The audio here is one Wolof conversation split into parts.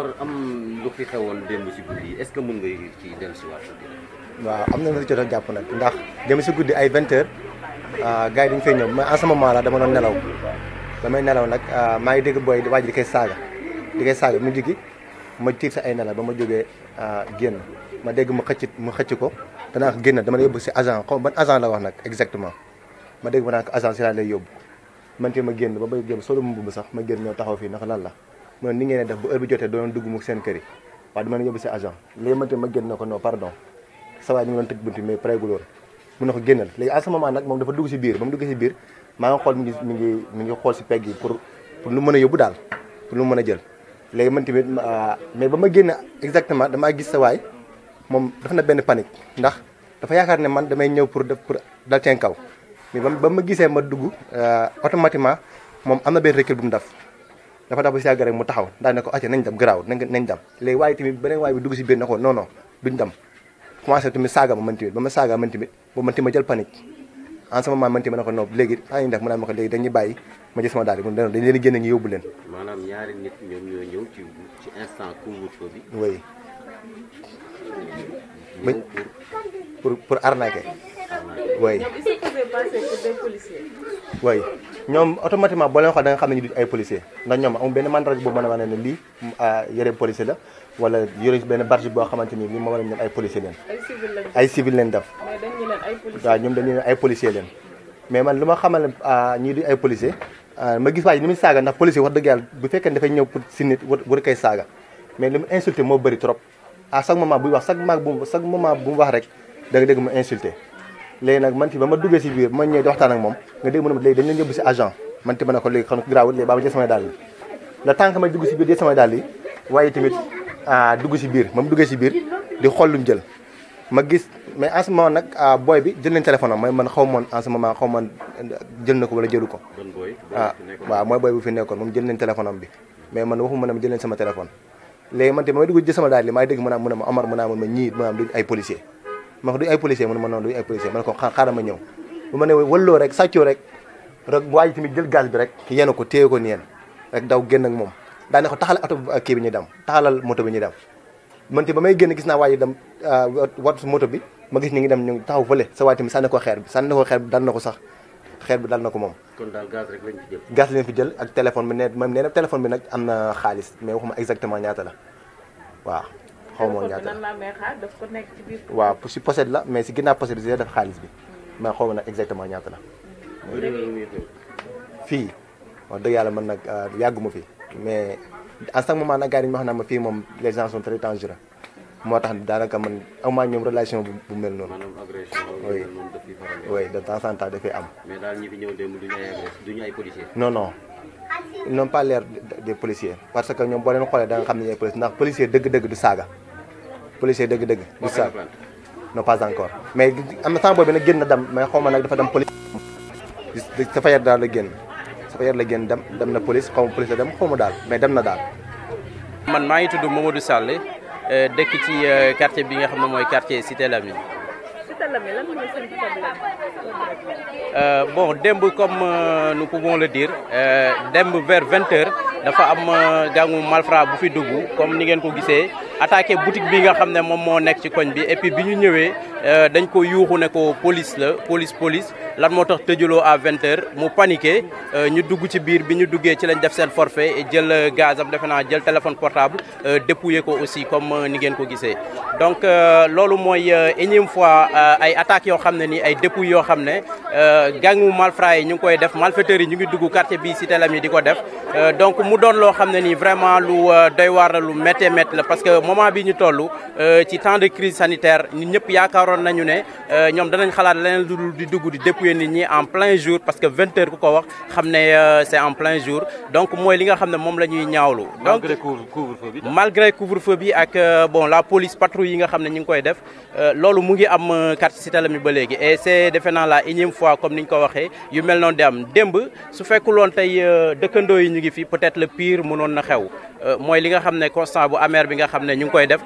rapport am lu fi xewoon démb si guddi est-ce que mën nga ci dellusiwaat waaw am na lu jot a jàpp nag ndax démb si guddi ay 20 heures ah, gars yi dañu ñëw mais en sama moment dama doon nelaw damay nelaw nag ah, maa ngi dégg booy waa ji di koy saaga di koy saaga mu diggi ma tiig sa ay nelaw ba ma jógee ah, génn ma dégg ma xëcc ma xëcc ko danaa génn dama lay yóbbu si agent ba ban agent la wax nag exactement ma dégg ma naa ko agent si laa yóbbu man te ma génn ba bay génn solo mu mbubb sax ma génn ñëw taxaw fii ndax lan la man ni ngeen def bu heure jotee doon dugg mu seen kër yi waaw dama ne yóbbu si agent léegi na ko non pardon sa waay mi ngi doon tëj bunti mais pareegul mun na ko génnal léegi à ce nag moom dafa dugg si biir ba mu dugg si biir maa ngi xool mi ngi mi xool si pegg yi pour pour lu mën a yóbbu daal lu mën a jël léegi man tamit ah, mais ba ma génn exactement damaa gis sa waay moom dafa na benn panique ndax dafa yaakaar ne man damay ñëw pour def pour dal seen kaw mais ba ma gisee ma dugg euh, automatiquement moom am na benn recul bu mu def dafa daw ba si yàgg rek mu taxaw daal ne ko acca nañ dem garaaw nañ dem léegi waaye tamit beneen waaye bi dugg si biir ne ko non non duñ dem commencé tamit saaga ma man tamit ba ma saaga man tamit ba man tamit ma jël panique en ce moment man tamit ma ne ko non léegi daa ñuy def mu naan ma ko léegi dañuy bàyyi ma gis sama daal di dañ leen génne ñu yóbbu leen maanaam ñaari nit ñoom ñoo ñëw ci ci instant couvre-feu bi oui pour pour arnaquer way way ñoom automatiquement boo leen xool da xam ne ñu du ay policier ndax ñoom amul benn mandarga bu mën a ne lii mm, ah, yëre policier la wala yëre benn barge boo xamante ni lii moo mën ay policier leen ay civil leen def ñoom dañu ay policier leen mais man lu ma xamal ah, ñii du ay policier ah, ma gis waa ji ni muy saaga ndax policier dëgg yàlla bu fekkee dafay ñëw pour si nit war koy mais li mu insulté moo bëri trop à chaque moment buy wax sag moment bu chaque moment bu mu wax rek da dëgg dégg mu insulté léegi nag man fi ba ma duggee si biir ma ñëw di waxtaan ak moom nga dégg mu a ma a dañ leen ma ne ko léegi xam a garaawul léegi ma jël samay dàll ma dugg si biir jël ah, duggee si biir di xool lu mu jël ma gis mais en ce moment nag ah, booy bi jël nañ xaw moon en ce moment xaw moon eh, jël na ko wala jëlu ko ah waaw mooy booy sama téléphone léegi man te ma dugg jël sama daal li ay policier ma ko du ay policier mu ne ko xaaral ma ñëw bu ma ne walloo rek sàccoo rek rek waa ji tamit jël gaz bi rek yenu ko téye ko ni yeen rek daw génn ak moom daa ne ko taxal oto euh, kii bi ñu dem taxalal moto bi ñu dem man ba may génn gis naa waa ji dem euh, wat moto bi ma gis ñu ngi dem ñu taxaw fële sa waa tamit sànni ko xeer bi sànni ko xeer bi dal na ko sax xeer bi dal na ko moom kon daal gaz rek lañ fi jël fi jël ak téléphone bi ne moom nee na bi nag am na xaalis mais waxuma exactement ñaata la waaw xaw ma ñaata waaw si pochette la mais si ginnaaw pochette bi si def xaalis bi hmm. mais xaw ma nag exactement ñaata la hmm. fii wax dëgg yàlla man nag euh, yàgguma fi mais en ce moment nag gars yi ñu wax ma fii moom les gens sont très moo tax daanaka man amaa ñoom relation bu mel noonu. maanaam agression oui oui de temps dafay am. mais daal ñi fi ñëw démb duñu non non. ils n'ont pas l'air des policier parce que ñoom boo leen xoolee da nga xam ne ñooy policier ndax policier dëgg-dëgg du saaga policier dëgg-dëgg du saaga non pas encore mais am na temps boobu nag génn na dem mais xaw ma nag dafa dem police dafa yar daal la génn dafa yar la génn dem dem na police xaw ma police la dem xaw ma daal mais dem na daal man maa ngi tudd du Sall eh, dëkk ci eh, quartier bi nga xam ne mooy quartier Cité Lamy Euh, bon demb comme euh, nous pouvons le dire euh, demb ver vingt heures dafa am gàngu euh, malfra bu fi dugg comme ni ngeen ko gisee attaqué boutique bi nga xam ne moom moo nekk ci koñ bi et bi ñu ñëwee euh, dañ ko yuuxu ne ko police la police police lan moo tax tëjuloo à vingt heures mu paniqué euh, ñu dugg ci biir bi ñu duggee ci lañ def seen forfait jël euh, gaz am defe naa jël téléphone portable euh, dépouillé ko aussi comme ni ngeen ko gisee. donc loolu mooy énième fois ay attaques yoo xam ne nii ay dépouilles yoo xam ne gangu malfrats yi ñu ngi koy def malfaiteurs yi ñu ngi dugg quartier bi Cité Lamy di ko def donc mu doon loo xam ne ni vraiment lu doy waar la lu méttee métti parce que moment bi ñu toll ci temps de crise sanitaire ñun ñëpp yaakaaroon nañu ne ñoom danañ xalaat leneen lu di dugg di dépouillé évacuer ñi en plein jour parce que 20 heures ku ko wax xam euh, c'est en plein jour donc mooy li nga xam ne moom la ñuy ñaawlu. donc malgré couvre-feu bi ak euh, bon la police patrouille yi nga xam ne ñu ngi koy def euh, loolu mu ngi am quartier Cité Lamy ba léegi et c'est defe naa la énième fois comme ni ñu ko waxee yu mel noonu di am démb su fekkuloon tey dëkkandoo yi ñu ngi fi peut-être le pire mënoon na xew mooy li nga xam ne constat bu amer bi nga xam ne ñu ngi koy def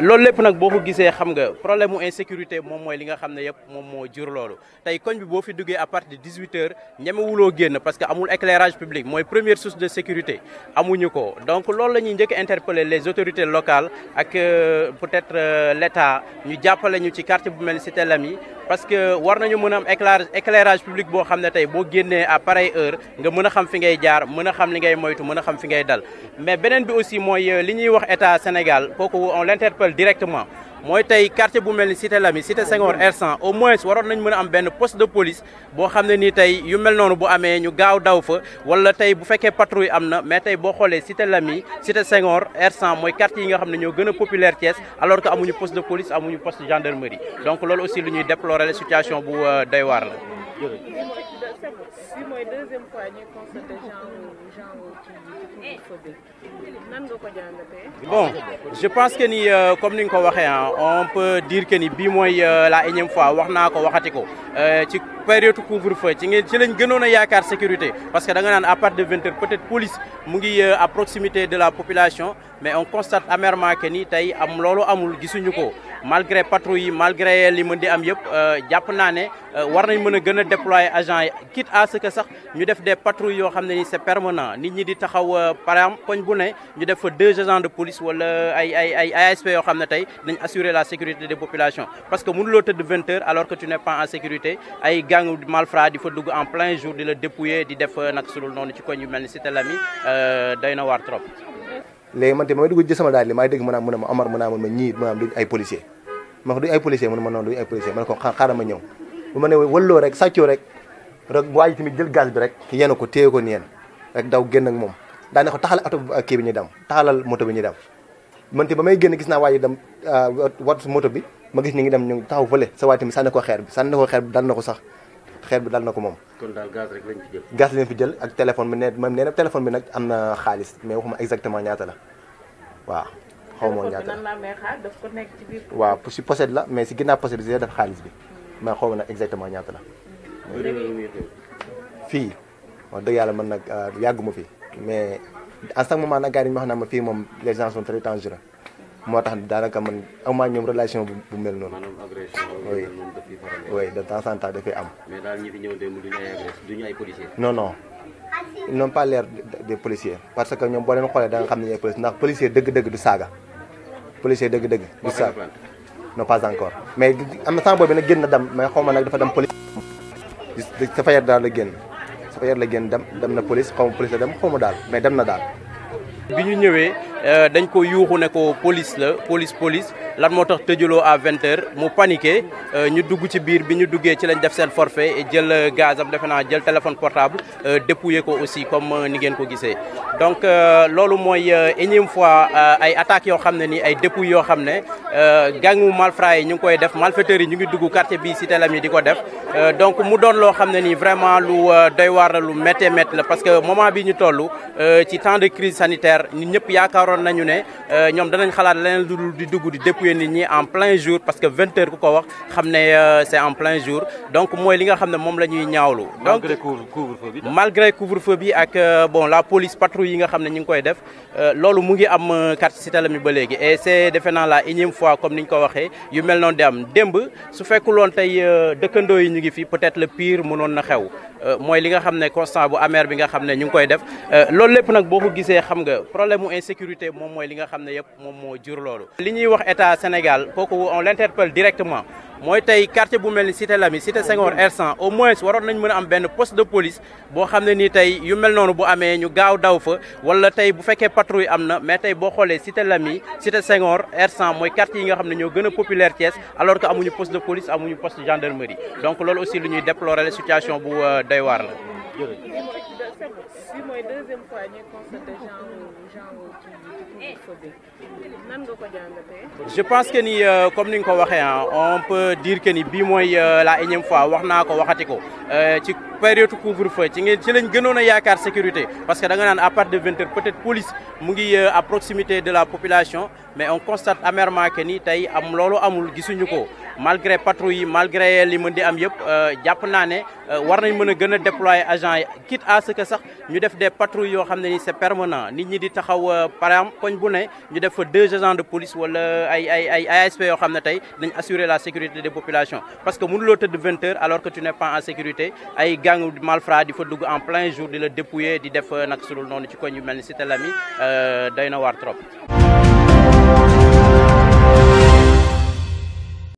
loolu lépp nag boo ko gisee xam nga problème mu insécurité moom mooy li nga xam ne yëpp moom moo jur fi duggee à partir de 18 heures ñemewuloo génn parce que amul éclairage public mooy première source de sécurité amuñu ko donc loolu la ñuy njëkk interpeller les autorités locales ak euh, peut-être euh, l'État ñu jàppale ñu ci quartier bu mel ni Cité Lamy parce que war nañu mën a am éclairage éclairage public boo xam ne tey boo génnee à pareille heure nga mën a xam fi ngay jaar mën a xam li ngay moytu mën a xam fi ngay dal mais beneen bi aussi mooy euh, li ñuy wax État Sénégal kooku on l'interpelle directement mooy tey quartier bu mel ni cité Lamy cité Senghor R100 au moins waroon nañ mën am benn poste de police boo xam ne ni tey yu mel noonu bu amee ñu gaaw daw fa wala tey bu fekkee patrouille am na mais tey boo xoolee cité Lamy cité Senghor R100 mooy quartier yi nga xam ne ñoo gën a populaire alor alors que amuñu poste de police amuñu poste gendarmerie donc loolu aussi lu ñuy déplorer la situation bu euh, doy waar la si mooy bon je pense que ni euh, comme ni nga ko waxee ah on peut dire que ni bii mooy euh, la énième fois wax naa ko waxati ko euh, ci période couvre-feu ci ngeen ci lañ gënoon a yaakaar sécurité parce que da nga naan à partir de vingt heures peut-être police mu ngi à proximité de la population mais on constate amèrement que ni tey am loolu amul gisuñu ko. malgré patrouille yi malgré li mën di am yëpp euh, jàpp naa ne euh, war nañ mën a gën a déployer agent yi quitte à ce que sax ñu def de patrouilles yoo xam ne ni c'est permanent nit ñi di taxaw euh, par exemple koñ bu ne ñu def fa deux agents de police wala ay ay ay ASP yoo xam ne tey dañ assurer la sécurité des population parce que mënuloo tëdd vingt heures alors que tu n'es pas en sécurité ay gang malfrats di fa dugg en plein jour di la dépouiller di def nag sulul noonu ci koñ mel ni Cité Lamy doy na waar trop léegi man te ma may dugg ci sama daal li maay dégg mu naan ma Omar mu naan ma ñii mu ay policier ma ko duñ ay policier mu ma noonu duñ ay policier ma ne ko xaaral ma ñëw bu ma ne walloo rek sàccoo rek rek waa ji tamit jël gaz bi rek yenu ko téye ko neen rek daw génn moom daa ne ko taxal oto kii bi ñu dem taxalal moto bi ñu dem man te ba may génn gis naa waa ji dem ah, wat moto bi ma gis ñu ngi dem ñu taxaw fële sa waa tamit sànni ko xeer bi sànni ko xeer bi dal na ko sax xeet bi daal na ko moom. kon daal gaz rek lañ fi jël. jël ak téléphone bi ne moom nee na téléphone bi nag am na xaalis mais waxuma exactement ñaata la waaw. xaw ma ñaata la daf waaw si pochette la mais si ginnaaw pochette si def xaalis bi mais xaw ma nag exactement ñaata la. fii wax dëgg yàlla man nag euh, yàgguma fi mais en ce moment nag gars yi ñu wax naa ma fii moom les gens sont très dangereux. moo tax daanaka man amaa ñoom relation bu bu mel noonu. maanaam agression oui oui de temps am. mais daal ñi fi ñëw démb duñu non non ils n'ont des policiers parce que ñoom boo leen xoolee da nga xam ne ñooy policiers ndax policier dëgg-dëgg du saaga policier dëgg-dëgg. du saaga non pas encore mais am na temps boobu nag génn na dem mais xaw ma nag dafa dem police. sa fa yar daal la génn sa fa yar la génn dem dem na police xaw ma police la dem xaw ma daal mais dem na daal. bi ñu ñëwee euh, dañ ko yuuxu ne ko police la police police lan moo tax tëjuloo à vingt mu paniqué euh, ñu dugg ci biir bi ñu duggee ci lañ def seen forfait jël euh, gaz am defe naa jël téléphone portable euh, dépouillé ko aussi comme ni ngeen ko gisee. donc loolu mooy énième fois ay attaques yoo xam ne ni ay dépouilles yoo xam ne gangu malfrats yi ñu ngi koy def malfaiteurs yi ñu ngi dugg quartier bi Cité Lamy di ko def donc mu doon loo xam ne ni vraiment lu doy waar la lu méttee métti parce que moment bi ñu toll ci temps de crise sanitaire ñun ñëpp yaakaaroon nañu ne ñoom danañ xalaat leneen lu dul dugg di dépouillé évacuer ñi en plein jour parce que vingt heures ku ko wax xam ne euh, c'est en plein jour donc mooy li nga xam ne moom la ñuy ñaawlu. donc malgré couvre-feu bi ak euh, bon la police patrouille yi nga xam ne ñu ngi koy def euh, loolu mu ngi am quartier Cité Lamy ba léegi et c'est defe naa la énième fois comme ni ñu ko waxee yu mel noonu di am démb su fekkuloon tey dëkkandoo yi ñu ngi fi peut-être le pire mënoon na xew. Euh, mooy li nga xam ne constat bu amer bi nga xam ne ñu ngi koy def euh, loolu lépp nag boo ko gisee xam nga problème mu insécurité moom mooy li nga xam ne yëpp moom moo jur loolu. li ñuy wax état Sénégal kooku on l'interpelle directement. mooy tey quartier bu mel ni cité lami cité Senghor R100 au moins waroon nañ mën am benn poste de police boo xam ne nii tey yu mel bu amee ñu gaaw daw fa wala tey bu fekkee patrouille am na mais tey boo xoolee cité Lamy cité Senghor R100 mooy quartier yi nga xam ne ñoo gën a populaire Thiès alors que amuñu poste de police amuñu poste de gendarmerie donc loolu aussi lu ñuy déplorer la situation bu euh, doy waar la je pense que ni euh, comme ni nga ko waxee ah on peut dire que ni bii mooy euh, la énième fois wax naa ko waxati ko euh, ci. période couvre-feu ci ngeen ci lañ gënoon yaakaar sécurité parce que da nga naan à partir de vingt heures peut-être police mu ngi euh, à proximité de la population mais on constate amèrement que ni tey am loolu amul gisuñu ko malgré patrouille yi malgré li mën di am yëpp euh, jàpp naa ne euh, war nañ mën a gën a déployer agent yi quitte à ce que sax ñu def de patrouilles yoo xam ne ni c'est permanent nit ñi di taxaw par exemple koñ bu ne ñu def fa deux agents de police wala ay ay ay ASP yoo xa ne tey dañ assurer la sécurité des populations parce que mënuloo tëdd vingt heures alors que tu n'es pas jàng malfra di fa dugg en plein jour di la dépouiller di def euh, nag noonu ci koñ yu mel ni Cité Lamy euh, doy na waar trop